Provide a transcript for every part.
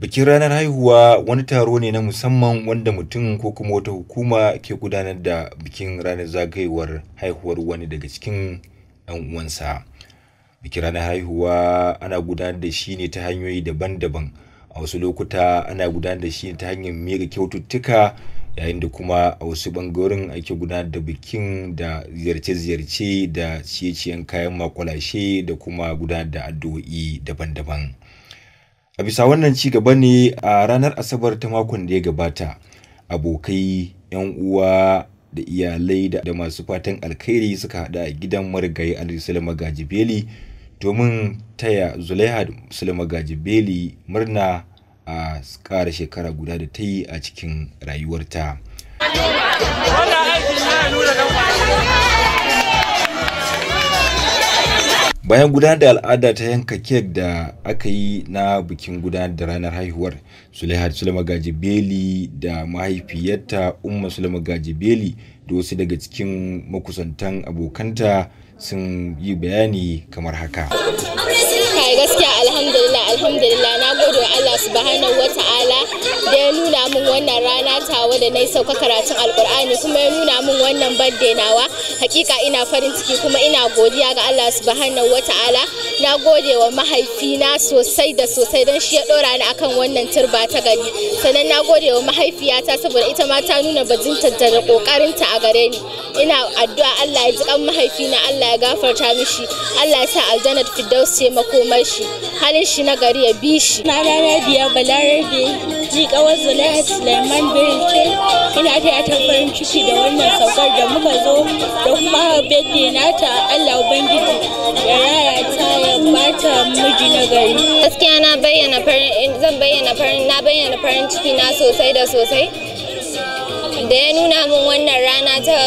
Bikin ranar haihuwa wani taro ne na musamman wanda mutum ko kuma wata hukuma ke gudanar da bikin ranar zagayewar haihuwar wani daga cikin 'yan uwansa. Bikin ranar haihuwa ana gudanar da shi ne ta hanyoyi daban-daban. A wasu lokuta ana gudanar da shi ne ta hanyar miƙa kyaututtuka yayin da kuma a wasu bangarorin ake gudanar da bikin da ziyarce-ziyarce da ciye-ciyen kayan makwalashe da kuma gudanar da addu'o'i daban-daban. A bisa wannan ci gaba ne a ranar Asabar ta makon da ya gabata, abokai, 'yan uwa da iyalai da masu fatan alkhairi suka haɗu a gidan marigayi Alhaji Sulaiman Gajibeli domin taya Zulaiha Sulaiman Gajibeli murna a kara shekara guda da ta yi a cikin rayuwarta. bayan gudanar da al'ada ta yanka kek da aka yi na bikin gudanar da ranar haihuwar sulaihat sulema gaji beli da mahaifiyarta umma sulema gaji beli da wasu daga cikin makusantan abokanta sun yi bayani kamar haka gaskiya alhamdulillah alhamdulillah na gode wa allah subhanahu wa ta'ala wannan rana tawa da na yi sauka karatun alkur'ani kuma ya nuna min wannan birthday nawa hakika ina farin ciki kuma ina godiya ga Allah subhanahu wataala na gode wa mahaifina sosai da sosai don shi ya dora ni akan wannan turba ta gari sannan na gode wa mahaifiyata saboda ita ma ta nuna bajinta da kokarinta a gare ni ina addu'a Allah ya ji kan mahaifina Allah ya gafarta mishi Allah ya sa aljanat firdaus ce makomar shi halin shi na gari ya bi shi na Balarabe ji kawar zulaihat suleiman birke ina taya ta farin ciki da wannan saukar da muka zo da kuma birthday nata allah ubangiji ya raya ta ya bata miji na gari gaskiya na bayyana farin zan bayyana farin na bayyana farin ciki na sosai da sosai da ya nuna min wannan rana ta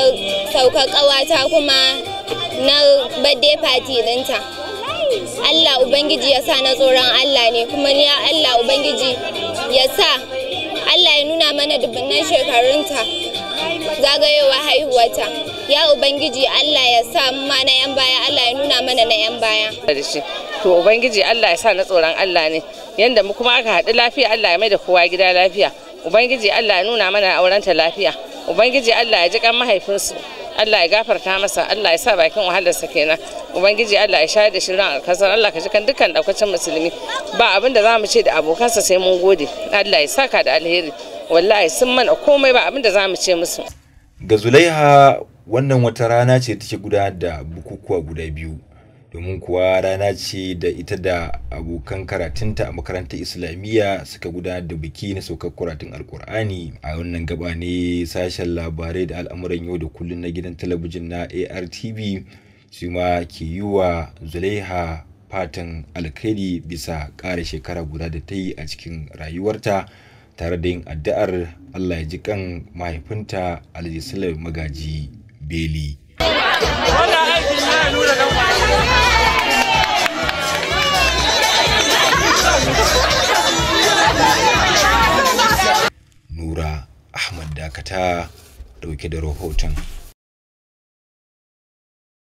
saukar kawata kuma na bade party dinta Allah Ubangiji ya sa na tsoron Allah ne kuma ni Allah Ubangiji ya sa Allah ya nuna mana dubunnan shekarunta zagayowa haihuwata ya ubangiji Allah ya sa ma na yan baya Allah ya nuna mana na yan baya to ubangiji Allah ya sa na tsoron Allah ne yanda mu kuma aka haɗu lafiya Allah ya mai da kowa gida lafiya ubangiji Allah ya nuna mana aurenta lafiya ubangiji Allah ya ji kan mahaifinsu Allah ya gafarta masa Allah ya sa bakin wahalarsa kenan ubangiji Allah ya shayar da shi ran alkasar Allah ka ji kan dukkan daukacin musulmi ba abin da zamu ce da abokansa sai mun gode Allah ya saka da alheri wallahi sun mana komai ba abin da zamu ce musu ga Zulaiha wannan wata rana ce take gudanar da bukukuwa guda biyu domin kuwa rana ce da ita da abokan karatunta a makarantar islamiyya suka gudanar da biki na saukar kuratun alkur'ani a wannan gaba ne sashen labarai da al'amuran yau da kullun na gidan talabijin na artv su ma ke yi wa zulaiha fatan alkhairi bisa ƙara shekara guda da ta yi a cikin rayuwarta tare da yin addu'ar allah ya ji kan mahaifinta alhaji magaji beli wannan aikin nuna ahmad dakata dauke da rahoton